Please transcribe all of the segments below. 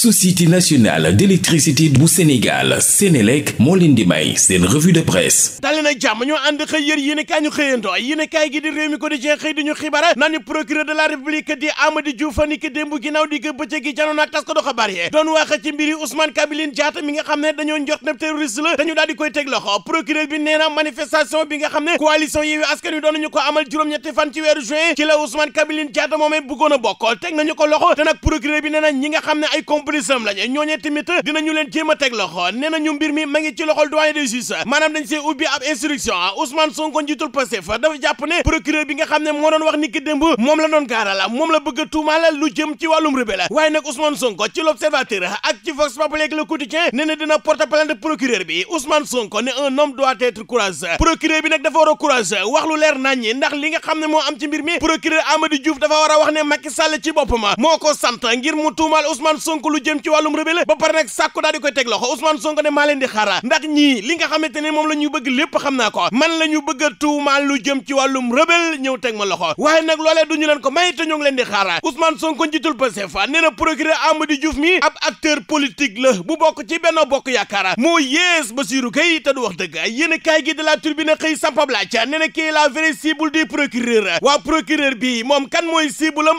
société nationale d'électricité bu Sénégal Sénélec moo leen di may seen revue de presse dali jàmm ñoo ànd xëy yër yéen ñu xëyandoo yéen gi di réew mi ko di jeexëy di ñu xibara naan procureur de la république di Amady Diouf ni ki démb ginnaaw di ko bëccëg gi janoon tas ko doxa bari doon wax ci mbiri Ousmane Kabiline Diatta mi nga xam ne dañoo njort ne terroriste la dañu daal koy teg loxo procureur bi nee na bi a complice am lañu ñooñee tamit dinañu leen jéem a teg loxo nee nañu mbir mi ma ci loxol doyen de justice maanaam dañ see ubbi ab instruction Ousmane Sonko njiitul Pastef dafa jàpp ne procureur bi nga xam ne moo doon wax ni ki moom la doon gaarala moom la bëgg a tuumaala lu jëm ci wàllum rébé la waaye nag Ousmane Sonko ci l'Observateur ak ci Vox Populi ak Le Quotidien nee dina porter plainte procureur bi Ousmane Sonko ne un homme doit être courageux a a lu jëm ci wàllum rebelle ba pare nag sàkku daal di koy teg loxo Ousmane Sonko ne maa leen di xaara ndax ñii li nga xamante ne moom la bëgg lépp xam naa ko man la bëgg a jëm ci wàllum rebelle ñëw teg ma loxo waaye nag loolee duñu leen ko may te ñoo leen di xaara Ousmane Sonko njiitul Pastef nee na procureur Amadou Diouf mi ab acteur politique la bu bokk ci Benno Bokk Yaakaar moo yées Bassirou Guèye te du wax dëgg yéen kaay gi de la xëy bi moom kan mooy cible am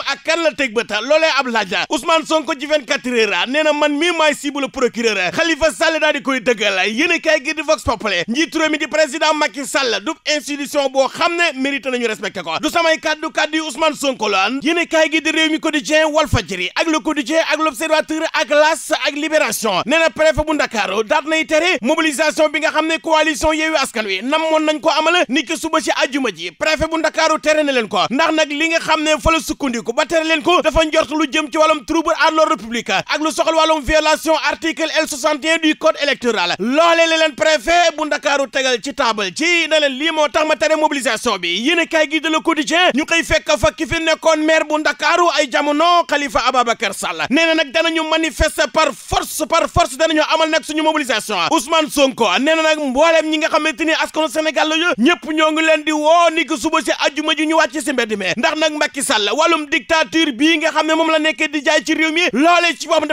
procureur nee na man mii maay cible procureur Khalifa Sall daal di koy dëggal yéen a Vox Populi njiitu mi di président Macky Sall du institution boo xam ne mérite nañu respecté ko du samay kad kàddu yi Ousmane Sonko la yéen a kaay gi di réew mi quotidien Walfadjri ak le quotidien ak l'observateur ak L'As ak Libération nee na préfet bu Ndakaaru daat nay tere mobilisation bi nga xam ne coalition Yewwi Askan Wi moon nañ ko amal ni ki suba ci àjjuma ji préfet bu Ndakaaru tere leen ko ndax nag li nga xam ne fa la sukkandiku ba tere leen ko dafa lu jëm ci wàllum trouble à ak lu soxal wàllum violation article la leen ci taabal ci na leen tax ma tere mobilisation bi yéen kaay gi de Le Quotidien ñu koy fekk fa ki fi nekkoon maire bu ndakaaru ay jamono Khalifa Ababacar Sall nee na nag danañu manifester par force par force danañu amal nag suñu mobilisation Ousmane Sonko nee na nag mbooleem ñi nga xamante ni askanu Sénégal la ñëpp ñoo ngi leen di woo ni suba si ajuma ji ñu wàcc si mbedd mi ndax nag Macky Sall wàllum dictature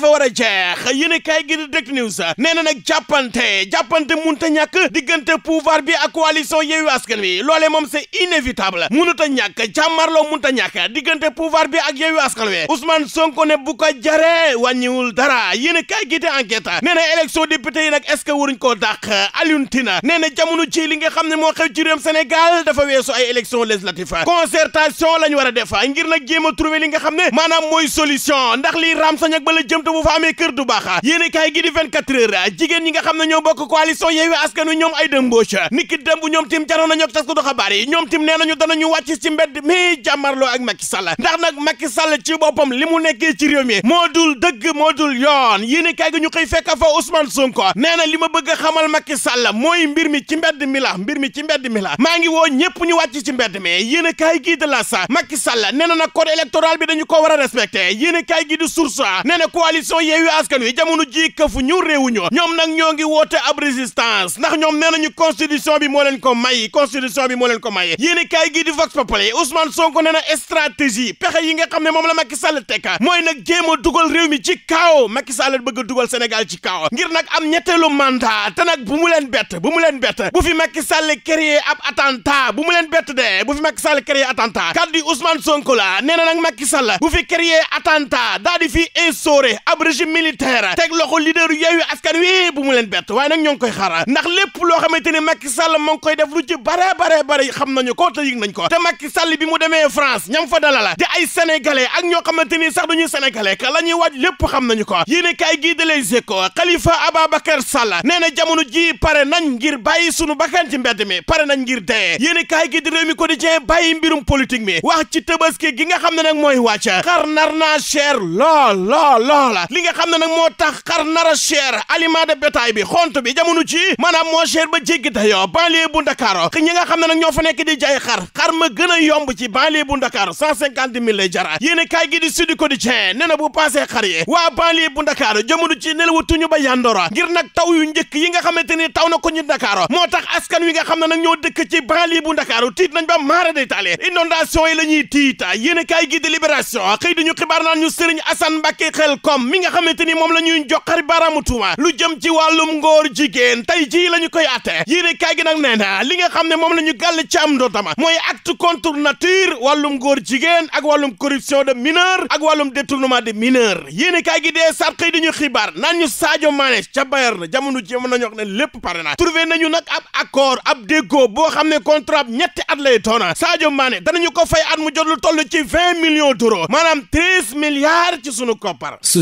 dafa war a jeex yéen kaay gi di Direct News nee na nag jàppante jàppante munta ñàkk diggante pouvoir bi ak coalition Yewwi Askan Wi loolee moom c'est inévitable munut a ñàkk mun munta ñàkk diggante pouvoir bi ak Yewwi Askan Wi Ousmane Sonko ne bu ko jaree wàññiwul dara yéen kaay gi di enquête nee na élection député yi nag est-ce que waruñ koo dàq Alioune Tine nee na jamono ci li nga xam ne moo xew ci réewum Sénégal dafa weesu ay élection législative concertation lañ war a def ngir nag jéem a li nga xam ne maanaam mooy solution ndax lii ram sañ ak ba la jëm waxtu bu fa kër du baax yéene kaay gi di 24 jigéen ñi nga xam ne ñoo bokk coalition Yewwi Askan Wi ñoom ay dëmbooc ni ki dëmb ñoom tim jaroon nañu ak tas ko do xabaar ñoom tim nee nañu danañu wàcc ci mbedd mi jàmmarloo ak Macky Sall ndax nag Macky ci boppam li mu nekkee ci réew mi moo dul dëgg moo dul yoon yéene kaay gi ñu koy fekk fa Ousmane Sonko nee na li ma bëgg a xamal Sall mooy mbir mi ci mbedd mi la mbir mi ci mbedd mi la ngi woo ñëpp ñu wàcc ci mbedd mi yéene kaay gi de la sa Macky Sall nee na nag code bi dañu ko war a respecté yéene kaay gi di source nee coalition Yewwi Askan Wi jamono ji këfu ñu réewuñu ñoom nag ñoo ngi woote ab résistance ndax ñoom nee ñu constitution bi moo leen ko may constitution bi moo leen ko may yéen i kaay gii di Vox Populi Ousmane Sonko nee na stratégie pexe yi nga xam ne moom la Macky Sall teka mooy nag jéem a dugal réew mi ci kaw Macky Sall bëgg a dugal Sénégal ci kaw ngir nag am ñetteelu mandat te nag bu mu leen bett bu mu leen bett bu fi Macky Sall créer ab attentat bu mu leen bett de bu fi Macky Sall créer attentat kaddu Ousmane Sonko la nee na nag Macky Sall bu fi créer attentat daal di fi instauré ab régime militaire teg loxo leader yu yeewu askan wi bu mu leen bett waaye nag ñoo ngi koy ndax lépp loo xamante ni Macky Sall moo ngi koy def lu ci bare bare bare xam nañu ko te yëg nañ ko te Macky Sall bi mu demee France ñam fa dalala di ay sénégalais ak ñoo xamante ni sax duñuy sénégalais ka la ñuy waaj lépp xam nañu ko yéene kaay gii de Les Échos Khalifa Ababacar Sall nee na jamono ji pare nañ ngir bàyyi sunu bakkan ci mbedd mi pare nañ ngir dee yéene kaay gii di Rewmi Quotidien bàyyi mbirum politique mi wax ci Tabaski gi nga xam ne nag mooy wàcc xar nar naa cher lool lool lool soxla li nga xam ne nag moo tax xar nar a cher aliment bi xont bi jamono ci maanaam moo cher ba jéggi dayoo banlieue bu Ndakaaru ñi nga xam ne nag ñoo fa di jaay xar xar ma gën a yomb ci banlieue bu Ndakaaru cent cinquante mille lay jara yéen kaay gi di Sud Quotidien nee na bu passé xar yi waa banlieue bu Ndakaaru jamono ci nelawatuñu ba yandora ngir taw yu njëkk yi nga xamante ni taw na ko ñu Ndakaaru moo tax askan wi nga xam ne nag ñoo dëkk ci moom mi nga xamante ni moom la jox joxari baaraamu tuuma lu jëm ci wàllum ngoor jigéen tey jii la ñu koy atte yéene kaay gi nag nee na li nga xam ne moom la ñu gàll ci am ndootama mooy acte contre nature wàllum ngóor jigéen ak wallum corruption de mineur ak wàllum détournement de mineur yéene kaay gi dee sàrt dañu xibaar naan ñu Sadio Mané ca Bayern jamono ji mën nañu lépp pare na trouvé nañu nag ab accord ab déggoo boo xam ne contrat ñetti at lay toona Sadio Mané danañu ko fay at mu jot lu toll ci vingt millions d'euros maanaam treize milliards ci sunu koppar